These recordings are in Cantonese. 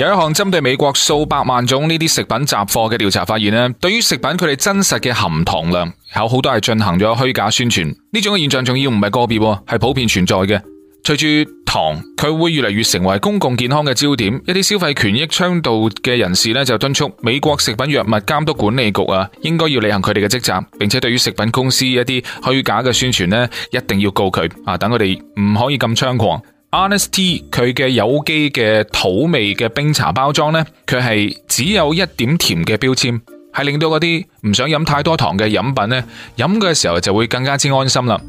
有一項針對美國數百萬種呢啲食品雜貨嘅調查發現咧，對於食品佢哋真實嘅含糖量有好多係進行咗虛假宣傳，呢種嘅現象仲要唔係個別，係普遍存在嘅。隨住糖佢會越嚟越成為公共健康嘅焦點，一啲消費權益倡導嘅人士呢，就敦促美國食品藥物監督管理局啊，應該要履行佢哋嘅職責，並且對於食品公司一啲虛假嘅宣傳呢，一定要告佢啊，等佢哋唔可以咁猖狂。Honest Tea 佢嘅有機嘅土味嘅冰茶包裝呢，佢係只有一點甜嘅標籤，係令到嗰啲唔想飲太多糖嘅飲品呢，飲嘅時候就會更加之安心啦。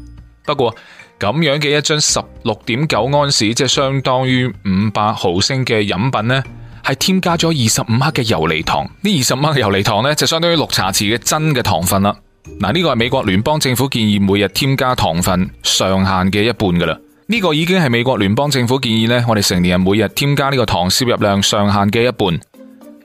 不過咁樣嘅一樽十六點九安士，即係相當於五百毫升嘅飲品呢，係添加咗二十五克嘅游離糖。呢二十五克嘅游離糖呢，就相當於六茶匙嘅真嘅糖分啦。嗱，呢個係美國聯邦政府建議每日添加糖分上限嘅一半噶啦。呢個已經係美國聯邦政府建議呢我哋成年人每日添加呢個糖攝入量上限嘅一半。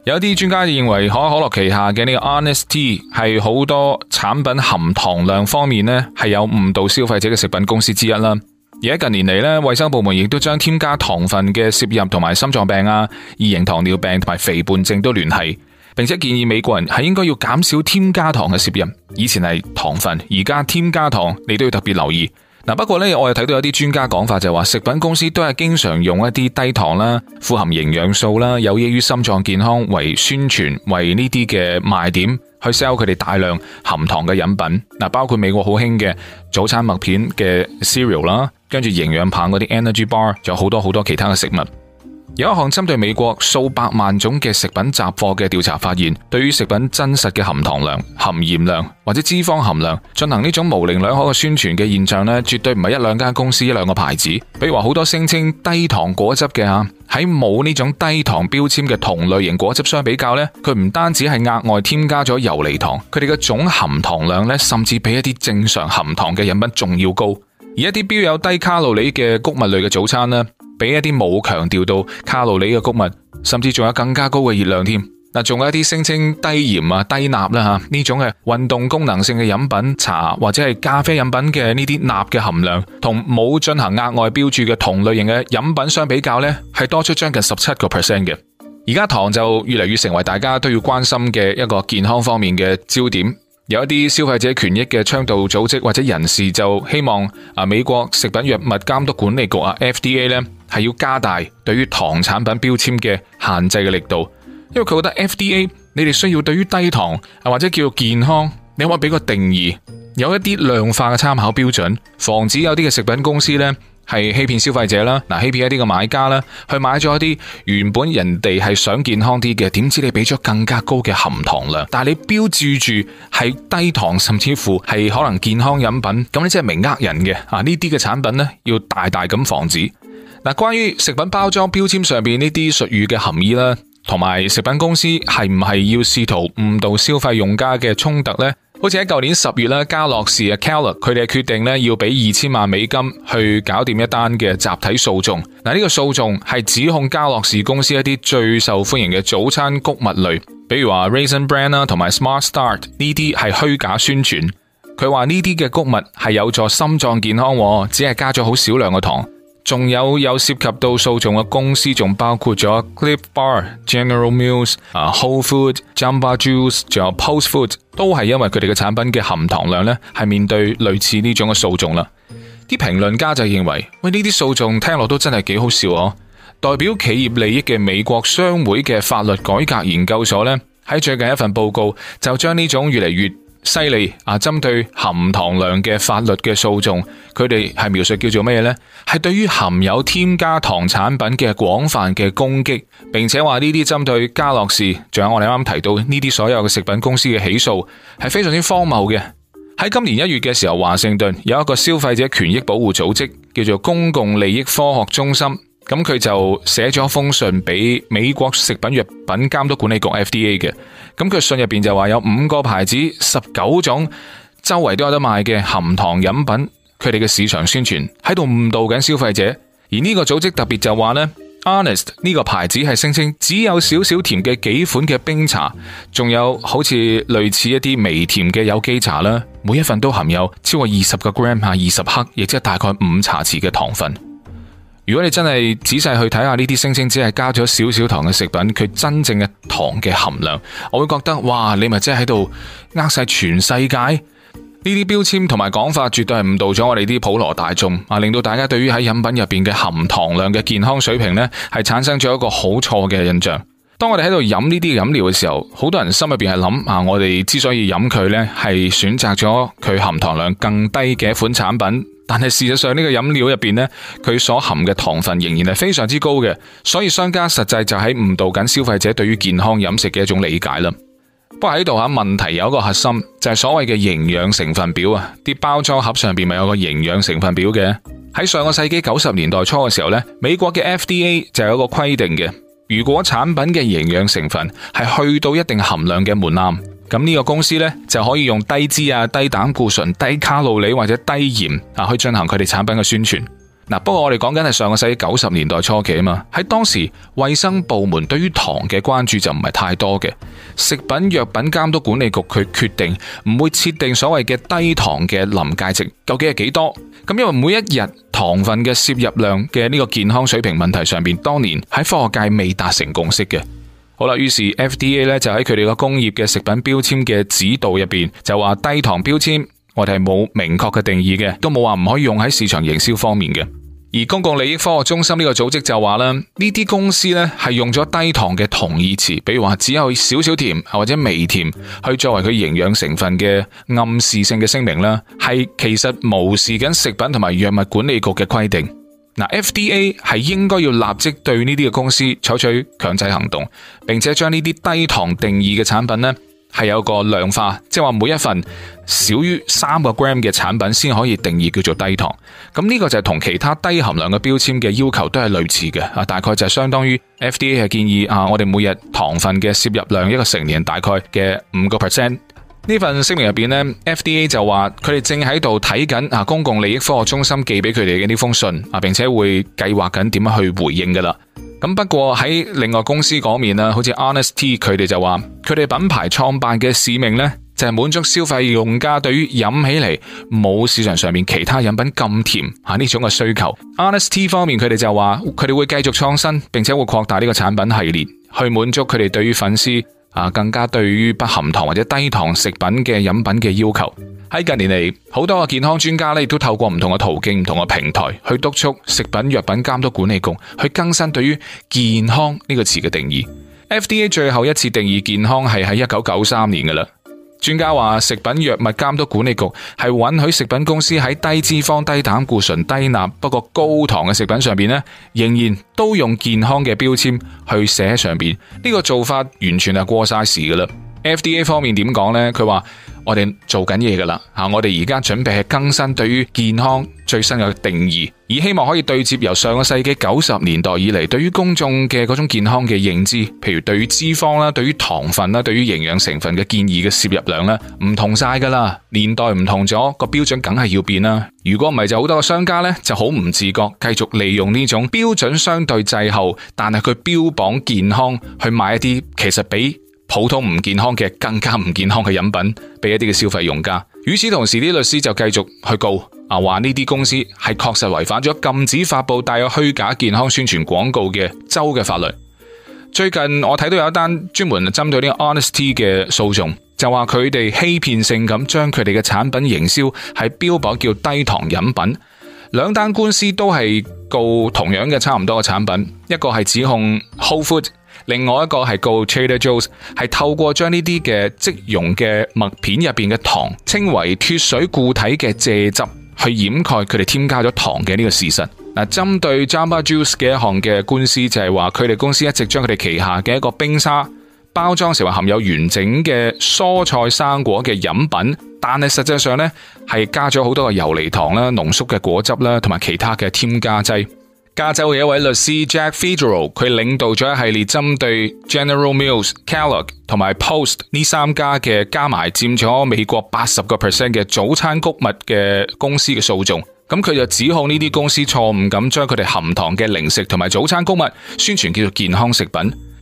有啲專家認為可口可樂旗下嘅呢個 RST 係好多產品含糖量方面呢係有誤導消費者嘅食品公司之一啦。而喺近年嚟呢，衛生部門亦都將添加糖分嘅攝入同埋心臟病啊、二型糖尿病同埋肥胖症都聯繫，並且建議美國人係應該要減少添加糖嘅攝入。以前係糖分，而家添加糖你都要特別留意。不過咧，我又睇到有啲專家講法就係話，食品公司都係經常用一啲低糖啦，富含營養素啦，有益於心臟健康為宣傳、為呢啲嘅賣點去 sell 佢哋大量含糖嘅飲品，嗱，包括美國好興嘅早餐麥片嘅 cereal 啦，跟住營養棒嗰啲 energy bar，仲有好多好多其他嘅食物。有一項針對美國數百萬種嘅食品雜貨嘅調查發現，對於食品真實嘅含糖量、含鹽量或者脂肪含量進行呢種模棱兩可嘅宣傳嘅現象呢絕對唔係一兩間公司、一兩個牌子。比如話好多聲稱低糖果汁嘅吓，喺冇呢種低糖標籤嘅同類型果汁相比較呢，佢唔單止係額外添加咗游離糖，佢哋嘅總含糖量呢，甚至比一啲正常含糖嘅飲品仲要高。而一啲標有低卡路里嘅谷物類嘅早餐呢。比一啲冇強調到卡路里嘅穀物，甚至仲有更加高嘅熱量添嗱。仲有一啲聲稱低鹽啊、低鈉啦吓呢種嘅運動功能性嘅飲品茶或者係咖啡飲品嘅呢啲鈉嘅含量，同冇進行額外標注嘅同類型嘅飲品相比較呢係多出將近十七個 percent 嘅。而家糖就越嚟越成為大家都要關心嘅一個健康方面嘅焦點。有一啲消費者權益嘅倡導組織或者人士就希望啊，美國食品藥物監督管理局啊 （FDA） 咧。係要加大對於糖產品標籤嘅限制嘅力度，因為佢覺得 FDA 你哋需要對於低糖啊或者叫健康，你可唔可以俾個定義，有一啲量化嘅參考標準，防止有啲嘅食品公司呢係欺騙消費者啦，嗱欺騙一啲嘅買家啦，去買咗一啲原本人哋係想健康啲嘅，點知你俾咗更加高嘅含糖量，但係你標注住係低糖，甚至乎係可能健康飲品，咁你即係明呃人嘅啊，呢啲嘅產品呢，要大大咁防止。嗱，關於食品包裝標籤上面呢啲術語嘅含義啦，同埋食品公司係唔係要試圖誤導消費用家嘅衝突呢？好似喺舊年十月咧，嘉樂士嘅 Kellogg 佢哋係決定咧要俾二千萬美金去搞掂一單嘅集體訴訟。嗱，呢個訴訟係指控嘉樂士公司一啲最受歡迎嘅早餐穀物類，比如話 Raisin Bran 啦，同埋 Smart Start 呢啲係虛假宣傳。佢話呢啲嘅穀物係有助心臟健康，只係加咗好少量嘅糖。仲有有涉及到訴訟嘅公司，仲包括咗 Cliff Bar、General Mills、啊 Whole Foods、Jamba Juice，仲有 Post Foods，都係因為佢哋嘅產品嘅含糖量呢係面對類似呢種嘅訴訟啦。啲評論家就認為，喂，呢啲訴訟聽落都真係幾好笑哦。代表企業利益嘅美國商會嘅法律改革研究所呢，喺最近一份報告就將呢種越嚟越。犀利啊！針對含糖量嘅法律嘅訴訟，佢哋係描述叫做咩呢？係對於含有添加糖產品嘅廣泛嘅攻擊，並且話呢啲針對家樂士，仲有我哋啱啱提到呢啲所有嘅食品公司嘅起訴，係非常之荒謬嘅。喺今年一月嘅時候，華盛頓有一個消費者權益保護組織叫做公共利益科學中心，咁佢就寫咗一封信俾美國食品藥品監督管理局 FDA 嘅。咁佢信入邊就話有五個牌子，十九種周圍都有得賣嘅含糖飲品，佢哋嘅市場宣傳喺度誤導緊消費者。而呢個組織特別就話咧，Honest 呢個牌子係聲稱只有少少甜嘅幾款嘅冰茶，仲有好似類似一啲微甜嘅有機茶啦。每一份都含有超過二十個 gram，二十克，亦即係大概五茶匙嘅糖分。如果你真係仔細去睇下呢啲聲稱，只係加咗少少糖嘅食品，佢真正嘅糖嘅含量，我會覺得哇，你咪真係喺度呃晒全世界呢啲標籤同埋講法，絕對係誤導咗我哋啲普羅大眾啊！令到大家對於喺飲品入邊嘅含糖量嘅健康水平呢係產生咗一個好錯嘅印象。當我哋喺度飲呢啲飲料嘅時候，好多人心入邊係諗啊，我哋之所以飲佢呢，係選擇咗佢含糖量更低嘅一款產品。但係事實上呢個飲料入邊呢，佢所含嘅糖分仍然係非常之高嘅，所以商家實際就喺誤導緊消費者對於健康飲食嘅一種理解啦。不過喺度下問題有一個核心就係所謂嘅營養成分表啊，啲包裝盒上邊咪有個營養成分表嘅。喺上個世紀九十年代初嘅時候呢，美國嘅 FDA 就有個規定嘅，如果產品嘅營養成分係去到一定含量嘅門檻。咁呢個公司呢，就可以用低脂啊、低膽固醇、低卡路里或者低鹽啊去進行佢哋產品嘅宣傳。嗱，不過我哋講緊係上個世紀九十年代初期啊嘛，喺當時衛生部門對於糖嘅關注就唔係太多嘅。食品藥品監督管理局佢決定唔會設定所謂嘅低糖嘅臨界值，究竟係幾多？咁因為每一日糖分嘅攝入量嘅呢個健康水平問題上邊，當年喺科學界未達成共識嘅。好啦，於是 FDA 咧就喺佢哋個工業嘅食品標籤嘅指導入面就話低糖標籤，我哋係冇明確嘅定義嘅，都冇話唔可以用喺市場營銷方面嘅。而公共利益科學中心呢個組織就話啦，呢啲公司呢係用咗低糖嘅同義詞，比如話只有少少甜或者微甜，去作為佢營養成分嘅暗示性嘅聲明啦，係其實無視緊食品同埋藥物管理局嘅規定。嗱，FDA 係應該要立即對呢啲嘅公司採取，取強制行動，並且將呢啲低糖定義嘅產品呢係有個量化，即係話每一份少於三個 gram 嘅產品先可以定義叫做低糖。咁、這、呢個就係同其他低含量嘅標籤嘅要求都係類似嘅啊，大概就係相當於 FDA 係建議啊，我哋每日糖分嘅攝入量一個成年大概嘅五個 percent。呢份聲明入邊呢 FDA 就話佢哋正喺度睇緊公共利益科學中心寄俾佢哋嘅呢封信啊，並且會計劃緊點樣去回應噶啦。不過喺另外公司嗰面啊，好似 Honest Tea 佢哋就話佢哋品牌創辦嘅使命呢，就係滿足消費用家對於飲起嚟冇市場上面其他飲品咁甜啊呢種嘅需求。Honest Tea 方面佢哋就話佢哋會繼續創新，並且會擴大呢個產品系列去滿足佢哋對於粉絲。啊，更加對於不含糖或者低糖食品嘅飲品嘅要求，喺近年嚟，好多嘅健康專家咧都透過唔同嘅途徑、唔同嘅平台去督促食品藥品監督管理局去更新對於健康呢個詞嘅定義。FDA 最後一次定義健康係喺一九九三年㗎喇。專家話，食品藥物監督管理局係允許食品公司喺低脂肪、低膽固醇、低鈉不過高糖嘅食品上邊咧，仍然都用健康嘅標籤去寫上邊呢個做法，完全係過晒時噶啦。FDA 方面點講呢？佢話。我哋做緊嘢噶啦吓，我哋而家準備係更新對於健康最新嘅定義，以希望可以對接由上個世紀九十年代以嚟，對於公眾嘅嗰種健康嘅認知，譬如對於脂肪啦、對於糖分啦、對於營養成分嘅建議嘅攝入量咧，唔同晒噶啦。年代唔同咗，個標準梗係要變啦。如果唔係，就好多商家咧就好唔自覺，繼續利用呢種標準相對滯後，但係佢標榜健康去賣一啲其實比普通唔健康嘅，更加唔健康嘅飲品，俾一啲嘅消費用家。與此同時，啲律師就繼續去告，啊話呢啲公司係確實違反咗禁止發佈帶有虛假健康宣傳廣告嘅州嘅法律。最近我睇到有一單專門針對啲 honesty 嘅訴訟，就話佢哋欺騙性咁將佢哋嘅產品營銷，係標榜叫低糖飲品。兩單官司都係告同樣嘅差唔多嘅產品，一個係指控 Whole Foods。另外一個係告 Trader Juice，係透過將呢啲嘅即溶嘅麥片入邊嘅糖，稱為脱水固體嘅蔗汁，去掩蓋佢哋添加咗糖嘅呢個事實。嗱，針對 Jamba Juice 嘅一項嘅官司就係話，佢哋公司一直將佢哋旗下嘅一個冰沙包裝成為含有完整嘅蔬菜生果嘅飲品，但係實際上呢，係加咗好多個遊離糖啦、濃縮嘅果汁啦同埋其他嘅添加劑。加州嘅一位律師 Jack Fedro，佢領導咗一系列針對 General Mills、Kellogg 同埋 Post 呢三家嘅，加埋佔咗美國八十個 percent 嘅早餐谷物嘅公司嘅訴訟，咁佢就指控呢啲公司錯誤咁將佢哋含糖嘅零食同埋早餐谷物宣傳叫做健康食品。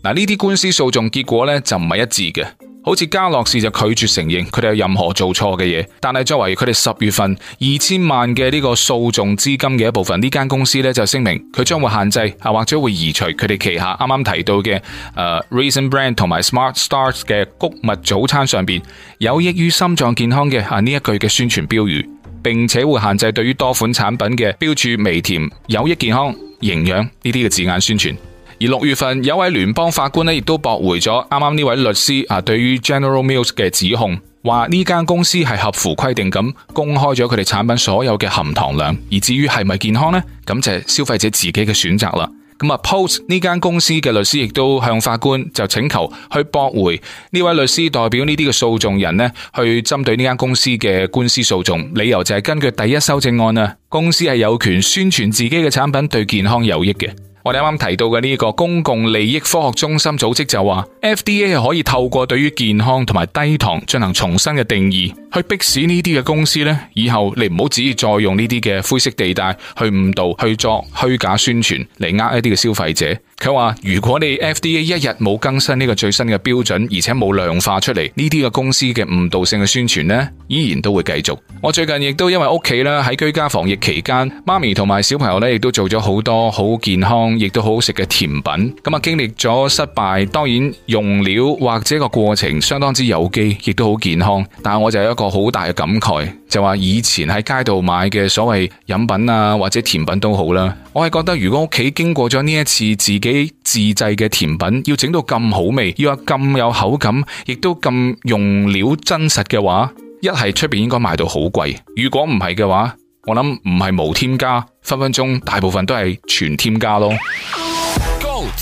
嗱，呢啲官司訴訟結果咧就唔係一致嘅。好似家樂氏就拒絕承認佢哋有任何做錯嘅嘢，但係作為佢哋十月份二千萬嘅呢個訴訟資金嘅一部分，呢間公司咧就聲明佢將會限制啊或者會移除佢哋旗下啱啱提到嘅、呃、Raisin Bran 同埋 Smart Starts 嘅穀物早餐上邊有益於心臟健康嘅啊呢一句嘅宣傳標語，並且會限制對於多款產品嘅標注微甜有益健康營養呢啲嘅字眼宣傳。而六月份有位聯邦法官呢，亦都駁回咗啱啱呢位律師啊，對於 General Mills 嘅指控，話呢間公司係合符規定咁公開咗佢哋產品所有嘅含糖量，而至於係咪健康呢？咁就係消費者自己嘅選擇啦。咁啊，Post 呢間公司嘅律師亦都向法官就請求去駁回呢位律師代表呢啲嘅訴訟人呢，去針對呢間公司嘅官司訴訟，理由就係根據第一修正案啊，公司係有權宣傳自己嘅產品對健康有益嘅。我哋啱啱提到嘅呢個公共利益科學中心組織就話，FDA 可以透過對於健康同埋低糖進行重新嘅定義，去迫使呢啲嘅公司咧，以後你唔好指意再用呢啲嘅灰色地帶去誤導、去作虛假宣傳嚟呃一啲嘅消費者。佢話：如果你 FDA 一日冇更新呢個最新嘅標準，而且冇量化出嚟呢啲嘅公司嘅誤導性嘅宣傳呢，依然都會繼續。我最近亦都因為屋企啦，喺居家防疫期間，媽咪同埋小朋友呢亦都做咗好多好健康，亦都好食嘅甜品。咁啊，經歷咗失敗，當然用料或者個過程相當之有機，亦都好健康。但我就有一個好大嘅感慨，就話以前喺街度買嘅所謂飲品啊，或者甜品都好啦。我係覺得，如果屋企經過咗呢一次自己自製嘅甜品，要整到咁好味，要有咁有口感，亦都咁用料真實嘅話，一係出邊應該賣到好貴。如果唔係嘅話，我諗唔係無添加，分分鐘大部分都係全添加咯。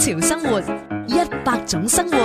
潮生活，一百種生活。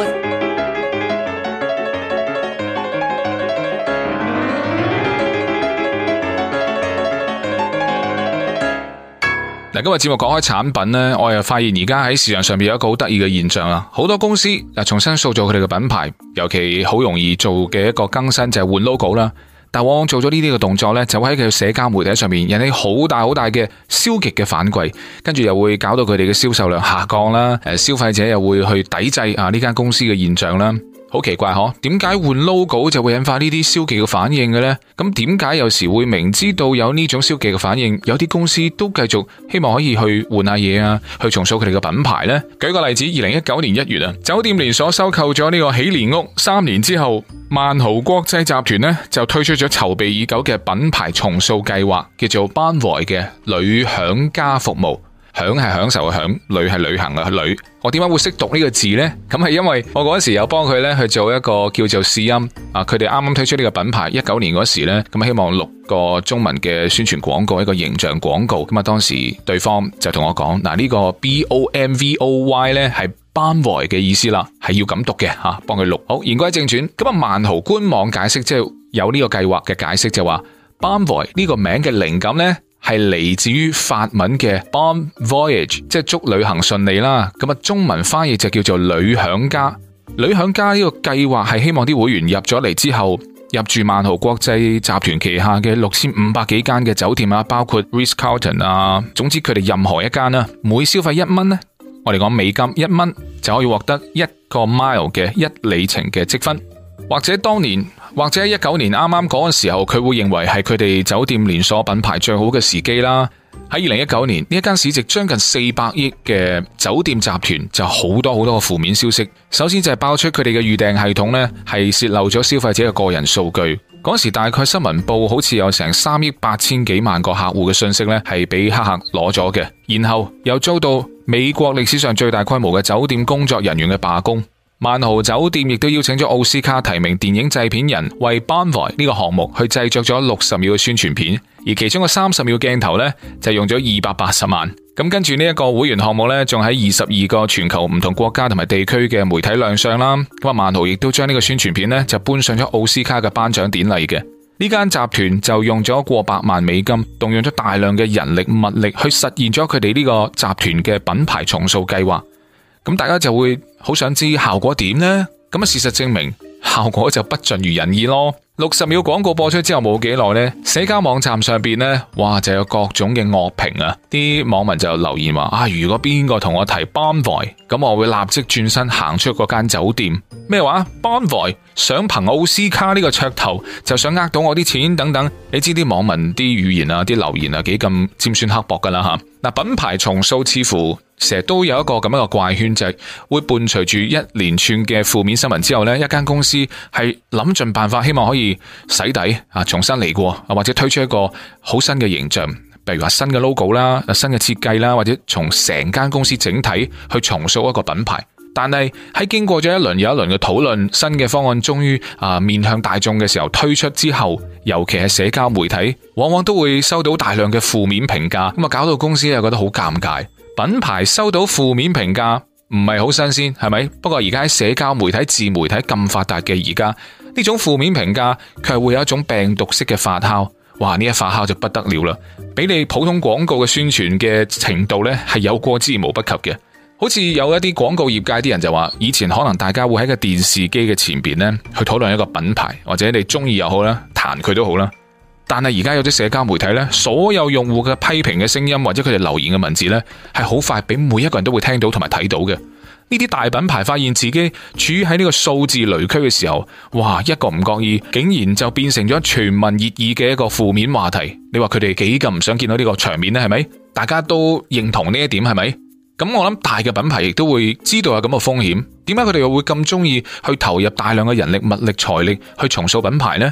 嗱，今日節目講開產品咧，我又發現而家喺市場上面有一個好得意嘅現象啊！好多公司嗱重新塑造佢哋嘅品牌，尤其好容易做嘅一個更新就係換 logo 啦。但往往做咗呢啲嘅動作呢，就會喺佢嘅社交媒體上面引起好大好大嘅消極嘅反饋，跟住又會搞到佢哋嘅銷售量下降啦。誒，消費者又會去抵制啊呢間公司嘅現象啦。好奇怪嗬，點解換 logo 就會引發呢啲消極嘅反應嘅呢？咁點解有時會明知道有呢種消極嘅反應，有啲公司都繼續希望可以去換下嘢啊，去重塑佢哋嘅品牌呢？舉個例子，二零一九年一月啊，酒店連鎖收購咗呢個喜達屋三年之後，萬豪國際集團呢，就推出咗籌備已久嘅品牌重塑計劃，叫做 Bonvoy 嘅旅享家服務。享係享受嘅享，旅係旅行嘅旅。我點解會識讀呢個字呢？咁係因為我嗰時有幫佢咧去做一個叫做試音。啊，佢哋啱啱推出呢個品牌一九年嗰時呢，咁希望錄個中文嘅宣傳廣告，一個形象廣告。咁啊，當時對方就同我講：嗱，呢個 B O M V O Y 咧係 Bonvoy 嘅意思啦，係要咁讀嘅吓，幫佢錄。好，言歸正傳。咁啊，萬豪官網解釋即係、就是、有呢個計劃嘅解釋就話，Bonvoy 呢個名嘅靈感呢。係嚟自於法文嘅 Bon Voyage，即係祝旅行順利啦。咁啊，中文翻譯就叫做旅享家。旅享家呢個計劃係希望啲會員入咗嚟之後，入住萬豪國際集團旗下嘅六千五百幾間嘅酒店啊，包括 Ritz Carlton 啊，總之佢哋任何一間啊，每消費一蚊呢，我哋講美金一蚊，就可以獲得一個 mile 嘅一里程嘅積分，或者當年。或者喺一九年啱啱嗰個時候，佢會認為係佢哋酒店連鎖品牌最好嘅時機啦。喺二零一九年呢一間市值將近四百億嘅酒店集團就好多好多嘅負面消息。首先就係爆出佢哋嘅預訂系統咧係洩露咗消費者嘅個人數據。嗰時大概新聞報好似有成三億八千幾萬個客戶嘅信息咧係俾黑客攞咗嘅。然後又遭到美國歷史上最大規模嘅酒店工作人員嘅罷工。萬豪酒店亦都邀請咗奧斯卡提名電影製片人為 Bonvoy 呢個項目去製作咗六十秒嘅宣傳片，而其中嘅三十秒鏡頭呢，就用咗二百八十萬。咁跟住呢一個會員項目呢，仲喺二十二個全球唔同國家同埋地區嘅媒體亮相啦。咁啊，萬豪亦都將呢個宣傳片呢，就搬上咗奧斯卡嘅頒獎典禮嘅。呢間集團就用咗過百萬美金，動用咗大量嘅人力物力去實現咗佢哋呢個集團嘅品牌重塑計劃。咁大家就會好想知效果點呢？咁啊事實證明效果就不盡如人意咯。六十秒廣告播出之後冇幾耐呢，社交網站上邊呢，哇就有各種嘅惡評啊！啲網民就留言話：，啊如果邊個同我提 Bonvoy，咁我會立即轉身行出嗰間酒店。咩話？Bonvoy 想憑奧斯卡呢個噱頭就想呃到我啲錢等等。你知啲網民啲語言啊、啲留言啊幾咁尖酸刻薄噶啦吓。品牌重塑似乎成日都有一個咁樣嘅怪圈，就係會伴隨住一連串嘅負面新聞之後呢，一間公司係諗盡辦法，希望可以洗底啊，重新嚟過啊，或者推出一個好新嘅形象，比如話新嘅 logo 啦、新嘅設計啦，或者從成間公司整體去重塑一個品牌。但係喺經過咗一輪又一輪嘅討論，新嘅方案終於啊、呃、面向大眾嘅時候推出之後，尤其係社交媒體，往往都會收到大量嘅負面評價，咁啊搞到公司又覺得好尷尬，品牌收到負面評價唔係好新鮮，係咪？不過而家喺社交媒體自媒體咁發達嘅而家，呢種負面評價卻會有一種病毒式嘅發酵，哇！呢一發酵就不得了啦，比你普通廣告嘅宣傳嘅程度呢係有過之無不及嘅。好似有一啲廣告業界啲人就話，以前可能大家會喺個電視機嘅前邊呢去討論一個品牌，或者你中意又好啦，彈佢都好啦。但係而家有啲社交媒體呢，所有用戶嘅批評嘅聲音或者佢哋留言嘅文字呢，係好快俾每一個人都會聽到同埋睇到嘅。呢啲大品牌發現自己處於喺呢個數字雷區嘅時候，哇！一個唔覺意，竟然就變成咗全民熱議嘅一個負面話題。你話佢哋幾咁唔想見到呢個場面呢？係咪？大家都認同呢一點係咪？咁我諗大嘅品牌亦都會知道有咁嘅風險，點解佢哋又會咁中意去投入大量嘅人力、物力、財力去重塑品牌呢？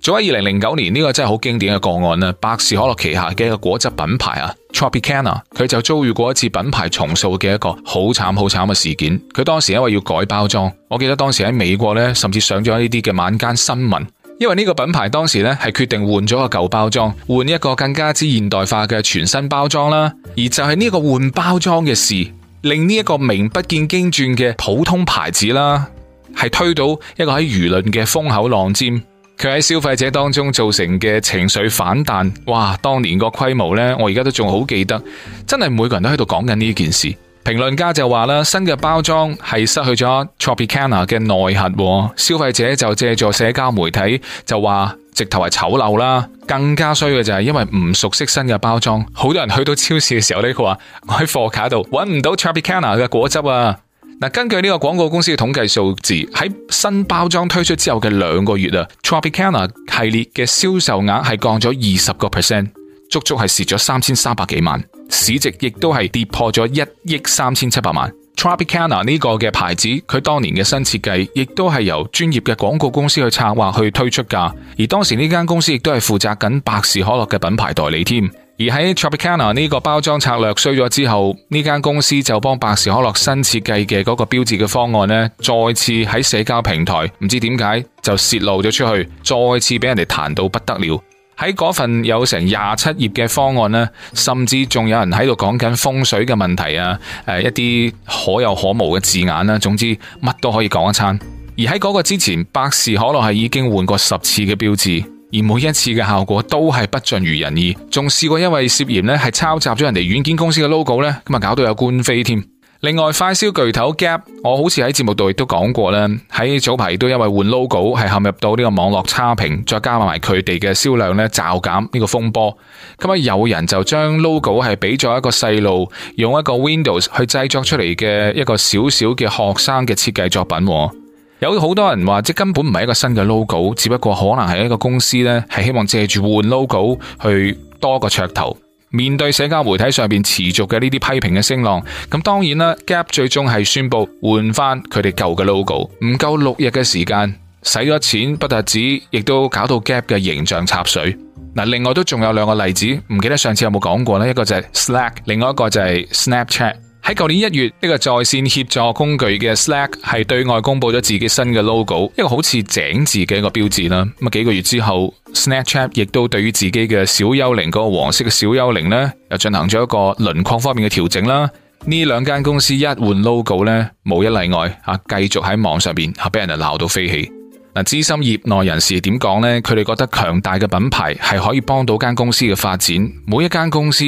早喺二零零九年呢個真係好經典嘅個案啦，百事可樂旗下嘅一個果汁品牌啊，Tropicana，佢就遭遇過一次品牌重塑嘅一個好慘好慘嘅事件。佢當時因為要改包裝，我記得當時喺美國呢，甚至上咗呢啲嘅晚間新聞。因為呢個品牌當時呢係決定換咗個舊包裝，換一個更加之現代化嘅全新包裝啦。而就係呢個換包裝嘅事，令呢一個名不見經傳嘅普通牌子啦，係推到一個喺輿論嘅風口浪尖。佢喺消費者當中造成嘅情緒反彈，哇！當年個規模呢，我而家都仲好記得，真係每個人都喺度講緊呢件事。評論家就話啦，新嘅包裝係失去咗 Tropicana 嘅內核，消費者就借助社交媒體就話直頭係醜陋啦，更加衰嘅就係因為唔熟悉新嘅包裝，好多人去到超市嘅時候呢，佢話我喺貨架度揾唔到 Tropicana 嘅果汁啊！嗱，根據呢個廣告公司嘅統計數字，喺新包裝推出之後嘅兩個月啊，Tropicana 系列嘅銷售額係降咗二十個 percent，足足係蝕咗三千三百幾萬。市值亦都係跌破咗一億三千七百萬。Tropicana 呢個嘅牌子，佢當年嘅新設計，亦都係由專業嘅廣告公司去策劃去推出噶。而當時呢間公司亦都係負責緊百事可樂嘅品牌代理添。而喺 Tropicana 呢個包裝策略衰咗之後，呢間公司就幫百事可樂新設計嘅嗰個標誌嘅方案呢，再次喺社交平台，唔知點解就泄露咗出去，再次俾人哋彈到不得了。喺嗰份有成廿七頁嘅方案咧，甚至仲有人喺度講緊風水嘅問題啊！誒，一啲可有可無嘅字眼啦，總之乜都可以講一餐。而喺嗰個之前，百事可樂係已經換過十次嘅標誌，而每一次嘅效果都係不盡如人意，仲試過因為涉嫌咧，係抄襲咗人哋軟件公司嘅 logo 咧，咁啊搞到有官非添。另外，快消巨頭 Gap，我好似喺節目度亦都講過咧，喺早排都因為換 logo 係陷入到呢個網絡差評，再加埋佢哋嘅銷量呢，驟減呢個風波。咁啊，有人就將 logo 係俾咗一個細路用一個 Windows 去製作出嚟嘅一個小小嘅學生嘅設計作品。有好多人話，即根本唔係一個新嘅 logo，只不過可能係一個公司呢，係希望借住換 logo 去多個噱頭。面對社交媒體上邊持續嘅呢啲批評嘅聲浪，咁當然啦，Gap 最終係宣布換返佢哋舊嘅 logo，唔夠六日嘅時間，使咗錢不但止，亦都搞到 Gap 嘅形象插水。另外都仲有兩個例子，唔記得上次有冇講過呢？一個就係 Slack，另外一個就係 Snapchat。喺舊年一月，一個在線協助工具嘅 Slack 係對外公布咗自己新嘅 logo，一個好似井字嘅一個標誌啦。咁啊幾個月之後，Snapchat 亦都對於自己嘅小幽靈嗰個黃色嘅小幽靈呢，又進行咗一個輪廓方面嘅調整啦。呢兩間公司一換 logo 呢，無一例外啊，繼續喺網上邊啊俾人鬧到飛起。嗱，資深業內人士點講呢？佢哋覺得強大嘅品牌係可以幫到間公司嘅發展。每一間公司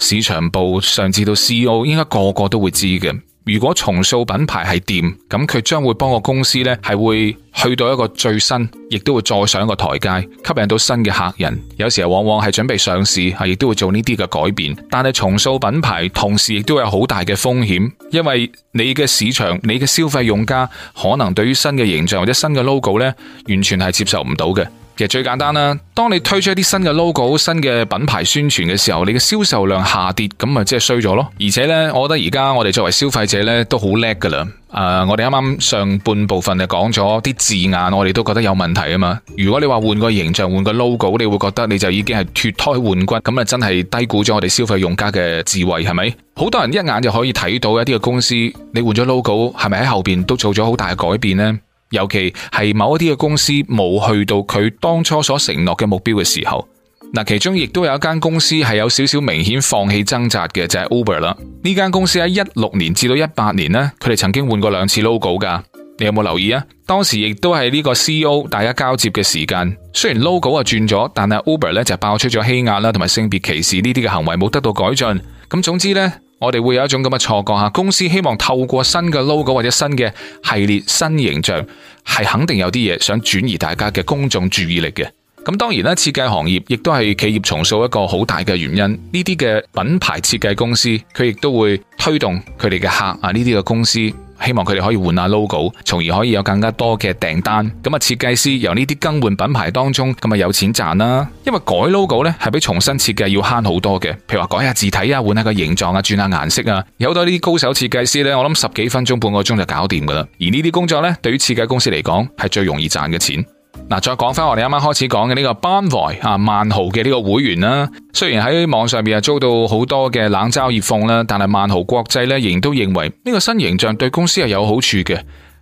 市場部上至到 C E O，應該個個都會知嘅。如果重塑品牌係掂，咁佢將會幫個公司呢係會去到一個最新，亦都會再上一個台階，吸引到新嘅客人。有時候往往係準備上市啊，亦都會做呢啲嘅改變。但係重塑品牌同時亦都有好大嘅風險，因為你嘅市場、你嘅消費用家可能對於新嘅形象或者新嘅 logo 呢，完全係接受唔到嘅。其實最簡單啦，當你推出一啲新嘅 logo、新嘅品牌宣傳嘅時候，你嘅銷售量下跌，咁咪即係衰咗咯。而且呢，我覺得而家我哋作為消費者呢，都好叻噶啦。誒、呃，我哋啱啱上半部分就講咗啲字眼，我哋都覺得有問題啊嘛。如果你話換個形象、換個 logo，你會覺得你就已經係脫胎換骨，咁啊真係低估咗我哋消費用家嘅智慧，係咪？好多人一眼就可以睇到一啲嘅公司，你換咗 logo，係咪喺後邊都做咗好大嘅改變呢？尤其係某一啲嘅公司冇去到佢當初所承諾嘅目標嘅時候，嗱，其中亦都有一間公司係有少少明顯放棄掙扎嘅，就係 Uber 啦。呢間公司喺一六年至到一八年咧，佢哋曾經換過兩次 logo 噶。你有冇留意啊？當時亦都係呢個 CEO 大家交接嘅時間，雖然 logo 啊轉咗，但係 Uber 咧就爆出咗欺壓啦，同埋性別歧視呢啲嘅行為冇得到改進。咁總之咧。我哋會有一種咁嘅錯覺吓，公司希望透過新嘅 logo 或者新嘅系列，新形象，係肯定有啲嘢想轉移大家嘅公眾注意力嘅。咁當然啦，設計行業亦都係企業重塑一個好大嘅原因。呢啲嘅品牌設計公司，佢亦都會推動佢哋嘅客啊，呢啲嘅公司。希望佢哋可以換下 logo，從而可以有更加多嘅訂單。咁啊，設計師由呢啲更換品牌當中咁啊有錢賺啦。因為改 logo 咧係比重新設計要慳好多嘅，譬如話改下字體啊，換下個形狀啊，轉下顏色啊，有好多啲高手設計師咧，我諗十幾分鐘半個鐘就搞掂㗎喇。而呢啲工作咧，對於設計公司嚟講係最容易賺嘅錢。再講翻我哋啱啱開始講嘅呢個 Bonvoy 啊，萬豪嘅呢個會員啦。雖然喺網上面啊遭到好多嘅冷嘲熱諷啦，但係萬豪國際咧仍然都認為呢個新形象對公司係有好處嘅。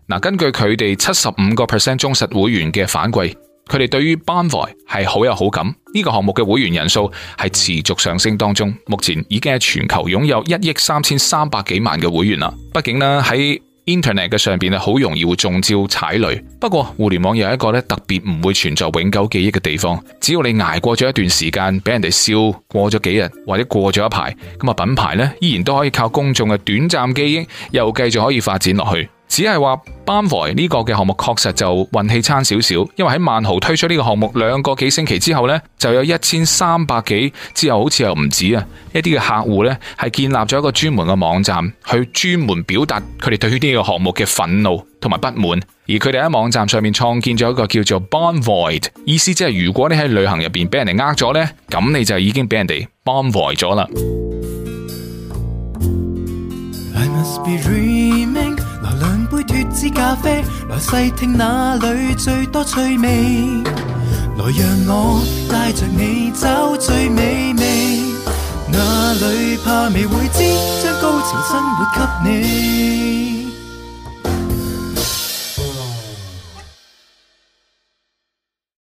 嗱，根據佢哋七十五個 percent 忠實會員嘅反饋，佢哋對於 Bonvoy 係好有好感。呢個項目嘅會員人數係持續上升當中，目前已經喺全球擁有一億三千三百幾萬嘅會員啦。畢竟呢，喺 Internet 嘅上面好容易會中招踩雷。不過互聯網有一個特別唔會存在永久記憶嘅地方，只要你捱過咗一段時間，俾人哋笑過咗幾日，或者過咗一排，咁啊品牌依然都可以靠公眾嘅短暫記憶，又繼續可以發展落去。只係話 Bonvoy 呢個嘅項目確實就運氣差少少，因為喺萬豪推出呢個項目兩個幾星期之後呢就有一千三百幾之後，好似又唔止啊！一啲嘅客戶呢係建立咗一個專門嘅網站，去專門表達佢哋對於呢個項目嘅憤怒同埋不滿，而佢哋喺網站上面創建咗一個叫做 Bonvoy，意思即係如果你喺旅行入邊俾人哋呃咗呢，咁你就已經俾人哋 Bonvoy 咗啦。兩杯脫脂咖啡，來細聽那裏最多趣味。來讓我帶着你找最美味，哪裏怕未會知，將高潮生活給你。